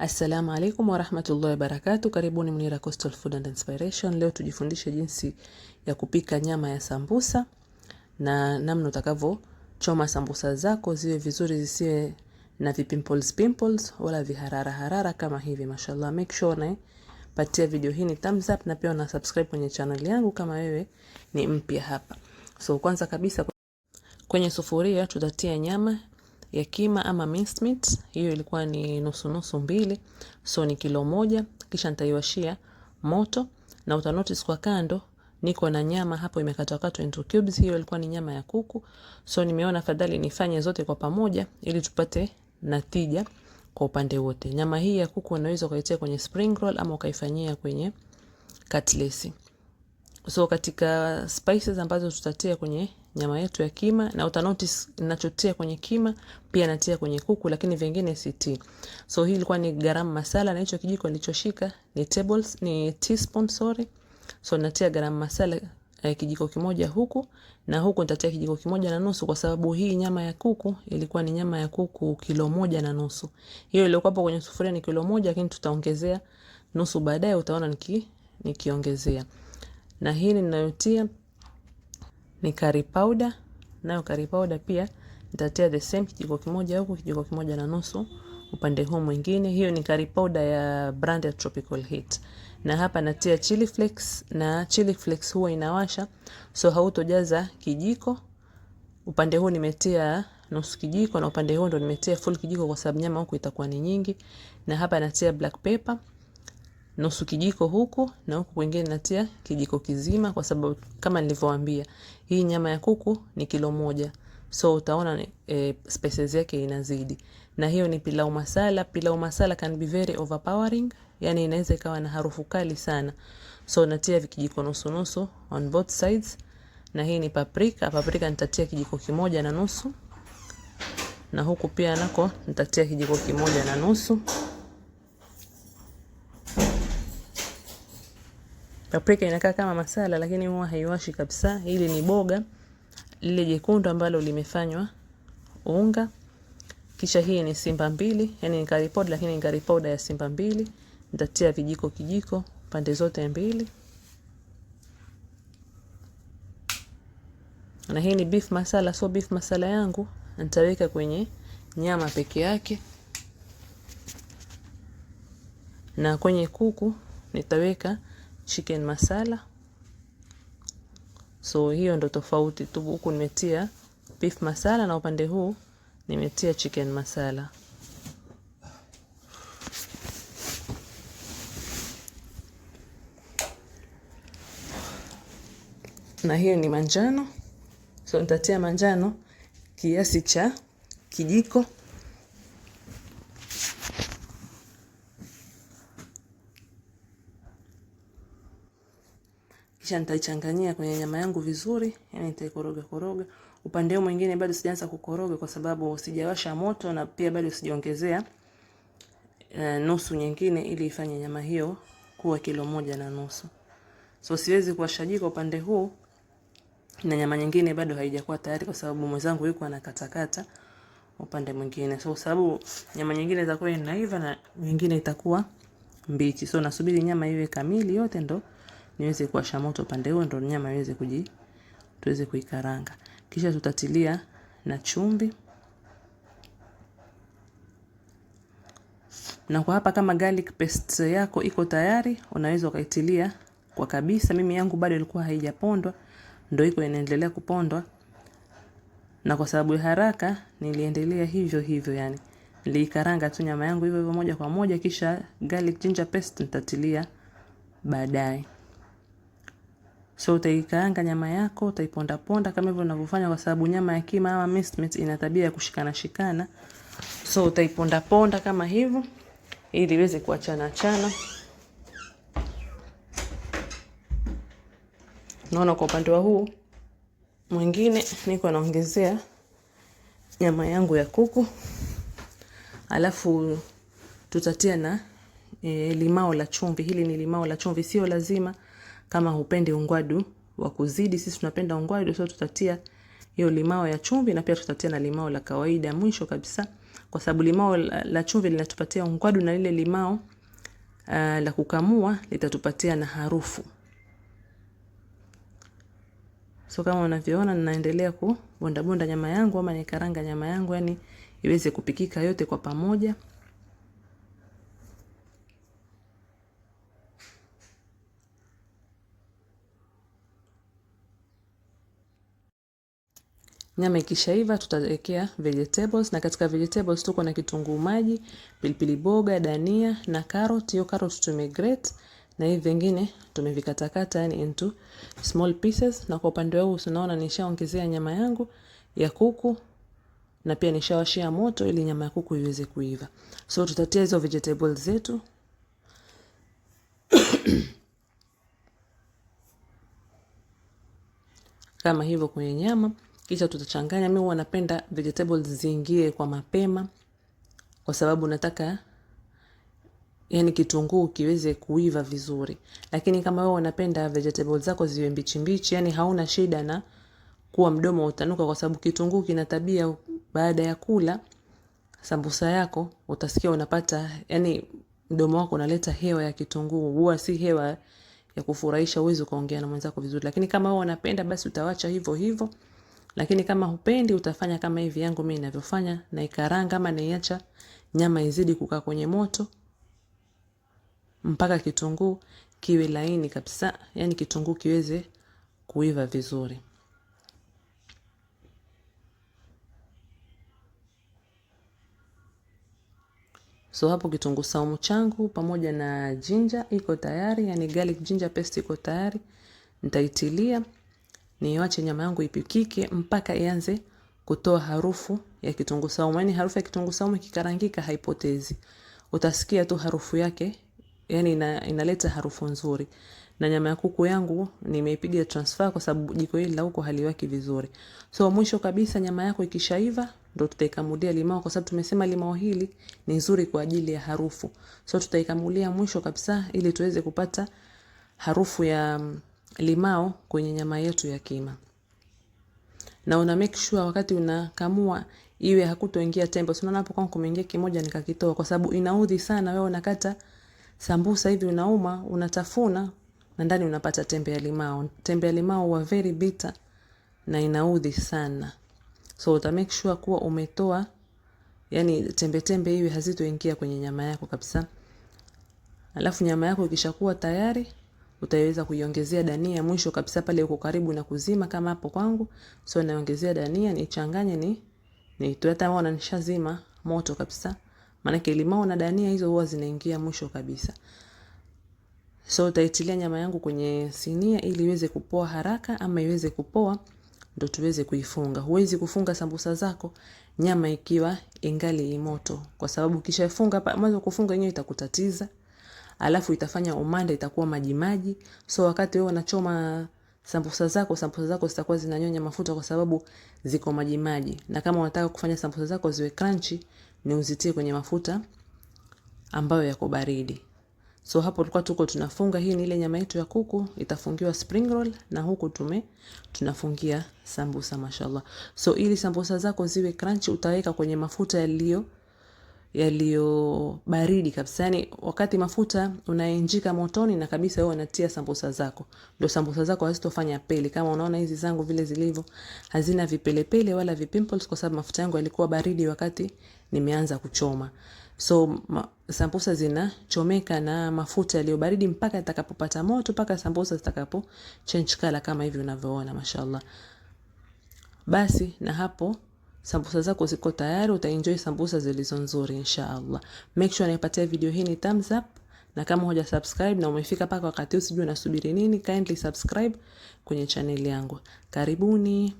Assalamu alaikum warahmatullahi wabarakatu, karibuni Munira Coastal Food and Inspiration. Leo tujifundishe jinsi ya kupika nyama ya sambusa na namna utakavyochoma sambusa zako ziwe vizuri, zisiwe na vipimples pimples wala viharara harara kama hivi. Mashallah, make sure na patia video hii ni thumbs up na pia una subscribe kwenye channel yangu kama wewe ni mpya hapa. So kwanza kabisa kwenye sufuria tutatia nyama ya kima ama minced meat, hiyo ilikuwa ni nusu nusu mbili, so ni kilo moja. Kisha nitaiwashia moto na uta notice kwa kando niko na nyama hapo imekatwakatwa into cubes. Hiyo ilikuwa ni nyama ya kuku, so nimeona fadhali nifanye zote kwa pamoja ili tupate natija kwa upande wote. Nyama hii ya kuku unaweza ukaitia kwenye spring roll ama ukaifanyia kwenye cutlets. So katika spices ambazo tutatia kwenye nyama yetu ya kima, na uta notice ninachotia kwenye kima pia natia kwenye kuku, lakini vingine siti. So hii ilikuwa ni garam masala, na hicho kijiko nilichoshika ni tables, ni teaspoon sorry. So natia garam masala eh, kijiko kimoja huku na huku nitatia kijiko kimoja na nusu, kwa sababu hii nyama ya kuku ilikuwa ni nyama ya kuku kilo moja na nusu. Hiyo iliyokuwa hapo kwenye sufuria ni kilo moja, lakini tutaongezea nusu baadaye, utaona niki nikiongezea na hili ninayotia ni curry powder, nayo curry powder pia nitatia the same kijiko kimoja huku kijiko kimoja na nusu upande huu mwingine. Hiyo ni curry powder ya brand ya Tropical Heat, na hapa natia chili flakes, na chili flakes huwa inawasha, so hautojaza kijiko. Upande huu nimetia nusu kijiko na upande huu ndo nimetia full kijiko, kwa sababu nyama huku itakuwa ni nyingi. Na hapa natia black pepper nusu kijiko huku na huku kwingine natia kijiko kizima, kwa sababu kama nilivyowaambia, hii nyama ya kuku ni kilo moja, so utaona e, spices yake inazidi. Na hiyo ni pilau masala. Pilau masala can be very overpowering, yani inaweza ikawa na harufu kali sana, so natia vikijiko nusu nusu on both sides. Na hii ni paprika. Paprika nitatia kijiko kimoja na nusu, na huku pia nako nitatia kijiko kimoja na nusu. Paprika inakaa kama masala lakini huwa haiwashi kabisa. Hili ni boga lile jekundu ambalo limefanywa unga. Kisha hii ni Simba mbili, yani ni curry powder lakini ni curry powder ya Simba mbili. Nitatia vijiko kijiko pande zote mbili. Na hii ni beef masala, so beef masala yangu nitaweka kwenye nyama peke yake. Na kwenye kuku nitaweka chicken masala. So hiyo ndo tofauti tu, huku nimetia beef masala na upande huu nimetia chicken masala. Na hiyo ni manjano, so nitatia manjano kiasi cha kijiko kisha nitaichanganyia kwenye nyama yangu vizuri, yani nitaikoroga koroga. Upande huu mwingine bado sijaanza kukoroga kwa sababu sijawasha moto na pia bado sijaongezea e, nusu nyingine ili ifanye nyama hiyo kuwa kilo moja na nusu. So siwezi kuwashajika upande huu na nyama nyingine bado haijakuwa tayari kwa sababu mwenzangu yuko anakatakata upande mwingine. So sababu nyama nyingine itakuwa inaiva na nyingine itakuwa mbichi. So nasubiri nyama iwe kamili yote ndo niweze kuwasha moto pande huo, ndio nyama iweze kuji tuweze kuikaranga, kisha tutatilia na chumvi. Na kwa hapa kama garlic paste yako iko tayari, unaweza ukaitilia kwa kabisa. Mimi yangu bado ilikuwa haijapondwa, ndio iko inaendelea kupondwa, na kwa sababu ya haraka niliendelea hivyo hivyo, yani niliikaranga tu nyama yangu hivyo hivyo moja kwa moja, kisha garlic ginger paste nitatilia baadaye. So utaikaanga nyama yako, utaiponda ponda kama hivyo unavyofanya, kwa sababu nyama ya kima ama minced meat ina tabia ya kushikana shikana. So utaiponda ponda kama hivyo ili iweze kuachana chana. Naona kwa upande wa huu mwingine niko naongezea nyama yangu ya kuku, alafu tutatia na e, limao la chumvi. Hili ni limao la chumvi, sio lazima kama hupendi ungwadu wa kuzidi, sisi tunapenda ungwadu, so tutatia hiyo limao ya chumvi na pia tutatia na limao la kawaida mwisho kabisa, kwa sababu limao la chumvi linatupatia ungwadu na lile limao uh, la kukamua litatupatia na harufu. So kama unavyoona ninaendelea kubondabonda nyama yangu ama nikaranga nyama yangu, yani iweze kupikika yote kwa pamoja. Nyama ikishaiva tutawekea vegetables na katika vegetables tuko na kitunguu maji, pilipili boga, dania na carrot. Hiyo carrot tumegrate na hivi vingine tumevikatakata yani into small pieces. Na kwa upande wangu unaona nishaongezea nyama yangu ya kuku na pia nishawashia moto ili nyama ya kuku iweze kuiva. So tutatia hizo vegetables zetu kama hivyo kwenye nyama kisha tutachanganya. Mimi wanapenda vegetables ziingie kwa mapema, kwa sababu nataka yani kitunguu kiweze kuiva vizuri. Lakini kama wewe unapenda vegetables zako ziwe mbichi mbichi, yani hauna shida na kuwa mdomo utanuka, kwa sababu kitunguu kina tabia, baada ya kula sambusa yako utasikia unapata yani mdomo wako unaleta hewa ya kitunguu, huwa si hewa ya kufurahisha, uwezi ukaongea na mwenzako vizuri. Lakini kama wewe unapenda basi utawacha hivyo hivyo. Lakini kama hupendi utafanya kama hivi yangu mimi ninavyofanya, ikaranga ama niacha nyama izidi kukaa kwenye moto mpaka kitunguu kiwe laini kabisa, yani kitunguu kiweze kuiva vizuri. So hapo kitunguu saumu changu pamoja na jinja iko tayari, yani garlic ginger paste iko tayari. Nitaitilia niwache nyama yangu ipikike mpaka ianze kutoa harufu ya kitunguu saumu. Yani harufu ya kitunguu saumu ikikarangika haipotezi, utasikia tu harufu yake, yani ina, inaleta harufu nzuri. Na nyama ya kuku yangu nimeipiga transfer kwa sababu jiko hili la huko haliwaki vizuri. So mwisho kabisa nyama yako ikishaiva ndo tutaikamulia limao, kwa sababu tumesema limao hili ni nzuri kwa ajili ya harufu. So tutaikamulia mwisho kabisa ili tuweze kupata harufu ya limao kwenye nyama yetu ya kima. Na una make sure wakati unakamua iwe hakutoingia tembe. Unaona hapo kwangu kumeingia kimoja nikakitoa kwa sababu inaudhi sana wewe unakata sambusa hivi unauma, unatafuna na ndani unapata tembe ya limao. Tembe ya limao wa very bitter na inaudhi sana. So uta make sure kuwa umetoa yani tembe tembe hivi hazitoingia kwenye nyama yako kabisa. Alafu nyama yako ikishakuwa tayari utaweza kuiongezea dania mwisho kabisa pale uko karibu na kuzima kama hapo kwangu. So naongezea dania nichanganye ni nitoe hata maana nishazima moto kabisa. Maana limao na dania hizo huwa zinaingia mwisho kabisa. So utaitilia nyama yangu kwenye sinia ili iweze kupoa haraka ama iweze kupoa ndo tuweze kuifunga. Huwezi kufunga sambusa zako nyama ikiwa ingali moto, kwa sababu kisha kishafunga mwanzo kufunga yenyewe itakutatiza alafu itafanya umanda itakuwa maji maji. So wakati wewe unachoma sambusa zako, sambusa zako zitakuwa zinanyonya mafuta kwa sababu ziko maji maji. Na kama unataka kufanya sambusa zako ziwe crunchy, ni uzitie kwenye mafuta ambayo yako baridi. So hapo tulikuwa tuko tunafunga. Hii ni ile nyama yetu ya kuku itafungiwa spring roll, na huku tume tunafungia sambusa mashallah. So ili sambusa zako ziwe crunchy, utaweka kwenye mafuta yaliyo yaliyo baridi kabisa. Yani wakati mafuta unainjika motoni na kabisa wewe unatia sambusa zako, ndio sambusa zako hazitofanya peli. Kama unaona hizi zangu vile zilivyo, hazina vipelepele wala vipimples, kwa sababu mafuta yangu yalikuwa baridi wakati nimeanza kuchoma. So ma, sambusa zinachomeka na mafuta yaliyo baridi mpaka yatakapopata moto, mpaka sambusa zitakapo change color kama hivi unavyoona, mashallah. Basi na hapo Sambusa zako ziko tayari, utaenjoy sambusa zilizo nzuri inshaallah. Make sure unaipatia video hii ni thumbs up, na kama huja subscribe na umefika paka wakati huu, sijui unasubiri nini? Kindly subscribe kwenye chaneli yangu. Karibuni.